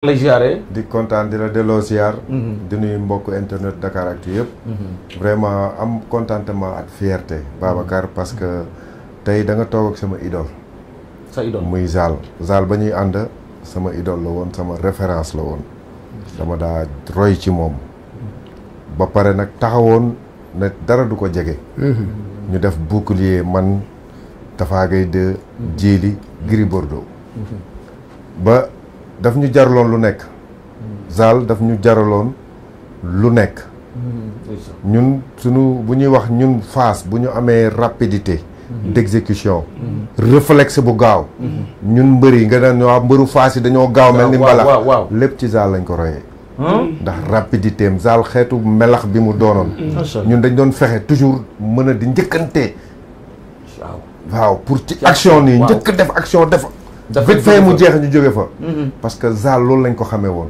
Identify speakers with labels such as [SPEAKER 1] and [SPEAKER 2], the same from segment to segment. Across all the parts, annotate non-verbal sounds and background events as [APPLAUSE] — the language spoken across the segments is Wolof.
[SPEAKER 1] di
[SPEAKER 2] kontaan di la ziar mhm. di nuyu mbokk internet ak yëpp mhm. vraiment am contentement ak fierté Babacar parce que tay da nga tok ak sama idol? sa idole muy Zal Zal ba ñuy sama idole la won sama référence la won dama da roy ci mom ba paré nak taxawon ne dara du ko jege mhm. ñu def bouclier man tafagay de Djily Gribordo, Bordeaux ba daf ñu jaraloon lu nekk Zal daf ñu jaraloon lu nekk ñun suñu bu ñuy wax ñun face bu ñu amee rapidité d'exécution réflexe bu gaaw ñun mbër nga daan waaw mbëru phase yi dañoo gaaw mel ni mbalax lépp ci Zal lañ ko royee hmm? ndax rapidité am Zal xeetu melax bi mu doonoon ñun dañ doon fexe toujours mën a di njëkkante waaw pour ci action ni njëkk def action def vite fait mu jeex ñu jóge fa mhm. parce que Zal loolu lañ ko xamee woon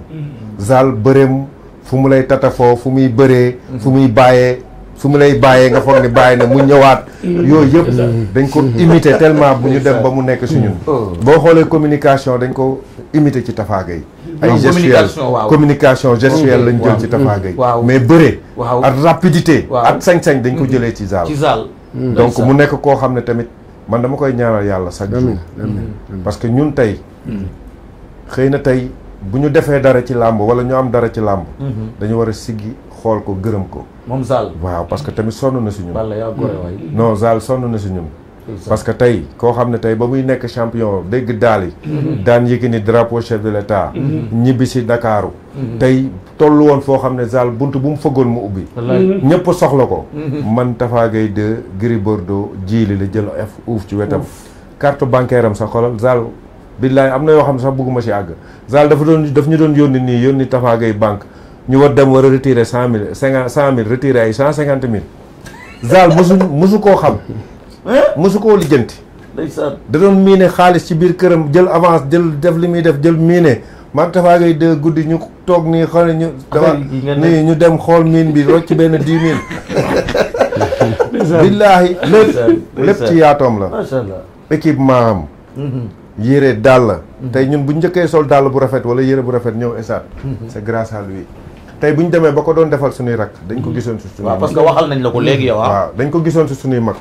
[SPEAKER 2] Zal bëreem fu mu lay tatafoo fu muy bëree fu muy bàyyee fu mu lay bàyyee nga foog ni bàyyi na mu ñëwaat mhm. yooyu yëpp dañ ko imiter tellement bu ñu dem ba mu nekk ñun mhm. oh. boo xoolee communication dañ ko imiter ci tafaaga yi ay gestuelle communication gestuelle lañ jël ci tafaaga yi mais bëree ak rapidité ak sañ-sañ dañ ko jëlee ci Zal donc mu nekk koo xam ne tamit man dama koy ñaanal yàlla chaque jour mm-hmm. parce que ñun tey mm-hmm. xëy na tey bu ñu defee dara ci làmb wala ñu am dara ci làmb mm-hmm. dañu war a siggi xool ko gërëm ko moom Zal waaw parce que tamit sonn na si ñun no Zal sonn na si ñun parce que tey koo xam ne tey ba muy nekk champion dégg daal yi mhm. daan yëgi ni drapeau chef de l'état mhm. ñibbi si Ndakaaru mhm. tey toll woon foo xam ne zaal bunt bu mu fëggoon mu ubbi ñëpp soxla ko man Tafa Gueye 2 Gris Bordeaux jiili la jël f uuf ci wetam carte bancaire am sa xolal zaal billaay am na yoo xam ne sax bëgguma si àgg zaal dafa doon daf ñu doon yónni nii yónni Tafa Gueye ñu war dem war a retirer cent mille cinquante cent mille retirer ay cent cinquante mille zaal mosu mosu koo xam mosu koo lijjanti. ndeysaan da doon miine xaalis ci biir këram jël avance jël def li muy def jël miine maag Tafa Gueye de guddi ñu toog nii xool ñu. dafa nii ñu dem xool miin bi rocc benn dix mille.
[SPEAKER 1] [LAUGHS] billaahi lépp lépp ci yaatoom la. macha allah
[SPEAKER 2] équipement am. Mhm. yére dàll. Mhm. tey ñun bu njëkkee sol dàll bu rafet wala yére bu rafet ñëw esaat. Mhm. c'est grâce à lui. tey bu ñu demee ba ko doon defal suñuy rakk dañ ko mm-hmm. gisoon si suñuy mag parce que waxal nañ la ko léegi yow ah. waaw dañ ko gisoon si suñuy mag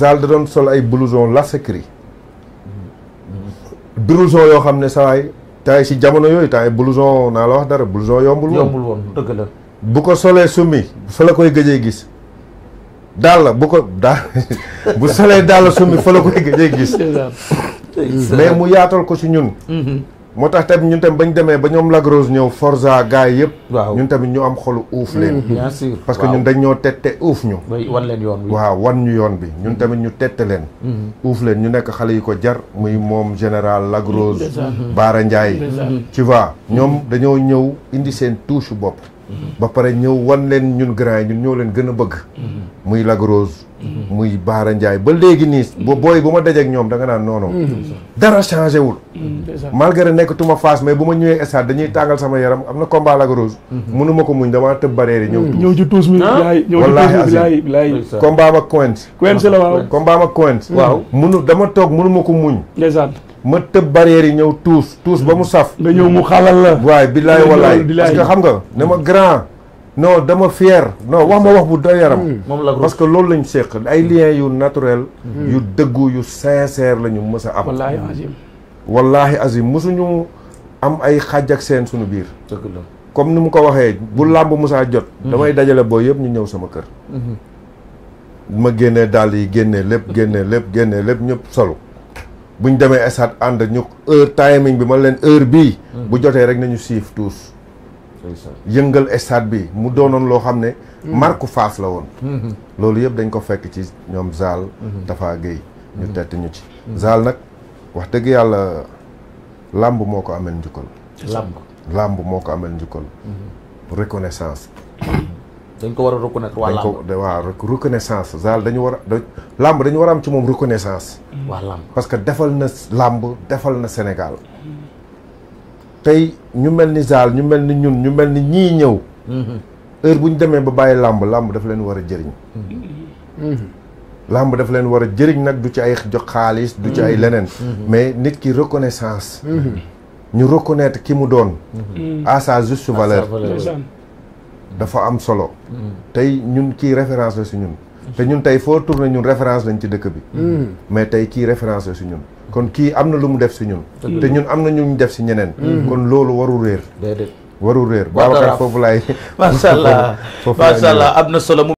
[SPEAKER 2] da doon sol ay blouson lasecri mm-hmm. blouson yoo xam ne sawaay taay si jamono yooyu taay blouson naa la wax dara blouson yombul woon yombul woon dëgg la bu ko solee summi fa la koy gëjee gis daal la bu ko daal [LAUGHS] bu solee daal la summi fa la koy gëjee gis [LAUGHS] mais mu yaatal ko si ñun mm-hmm. moo tax tamit ñun tamit bañ demee ba ñoom Lagrosse ñëw Forza gars yi yëpp. ñun tamit ñu am xolu uuf mm, leen. bien parce que ñun dañ ñoo tette uuf ñu. wan leen yoon waaw wan ñu yoon bi ñun mm. tamit ñu tette leen. Mm-hmm. uuf leen ñu nekk xale yi ko jar muy moom général Lagrosse. Baara Ndiaye. tu vois ñoom dañoo ñëw indi seen touche bopp. ba pare ñëw wan leen ñun grand yi ñun ñoo leen gën a bëgg. muy Lagrose. muy Baara Ndiaye ba léegi nii. boo booy bu ma dajeeg ñoom danga nga naan non non dara changé wul. malgré nekkatuma fas face bu ma ñëwee stade dañuy tàngal sama yaram am na combat Lagrose. mënuma ko muñ damaa tëb barrière yi ñëw tuus. ñëw ju tuus mi bilaay ah? ñëw ju bilaay combat ma Coent. Coent la waaw waaw mënu dama toog mënuma ko muñ. ma tëb barrière yi ñëw tuus tuus ba mu saf. nga ñëw mu xalal la. waay billaay walaay parce que xam nga ne ma grand. non dama fier non wax ma wax bu doy yaram. Mm. moom la parce que loolu lañ séq ay mm. liens yu naturel. Mm. yu dëggu yu sincère la ñu mës a am. wallaahi azim. wallaahi azim mësuñu am ay xaj ak seen sunu biir. dëgg la comme ni mu ko waxee bu làmb musaa jot. Mm-hmm. damay dajale boo yëpp ñu ñëw sama kër. Mm-hmm. ma génnee dàll yi génne lépp génnee lépp génnee lépp ñëpp solo. bu ñu demee stade ànd ñu heure timing bi man leen heure bii. Hmm. bu jotee rek nañu siif tous. yëngal estate bi mu doonoon loo xam ne. Hmm. marque Fass la woon. Hmm. loolu yëpp dañ ko fekk ci ñoom Zal. dafa Gueye ñu tett ñu ci. Zal nag wax dëgg yàlla làmb moo ko amel njukkal. làmb làmb moo ko ameel njukkal. reconnaissance. dañ ko war a reconnaître waa làmb waaw reconnaissance daal dañu war a làmb dañu war a am ci moom reconnaissance. Mm. waa làmb parce que defal na làmb defal na Sénégal. tey ñu mel ni Zal ñu mel ni ñun ñu mel ni ñii ñëw. Mm-hmm. heure bu ñu demee ba bàyyi làmb làmb daf leen war a jëriñ. Mm-hmm. Mm-hmm. làmb daf leen war a jëriñ nag du ci ay jox xaalis. du ci ay leneen. mais nit ki reconnaissance. ñu reconnaître ki mu doon. à sa juste valeur. dafa am solo. Mm. tey ñun kii référence la si ñun. te ñun tey foo tourné ñun référence lañ ci dëkk bi. Mm. mais tey kii référence la si ñun. kon kii am na lu mu def si ñun. te ñun am na ñu ñu def si ñeneen. Mm. kon loolu warul réer. déedéet warul réer. Babacar foofu laay. [LAUGHS] macha allah [LAUGHS] macha allah am na solo.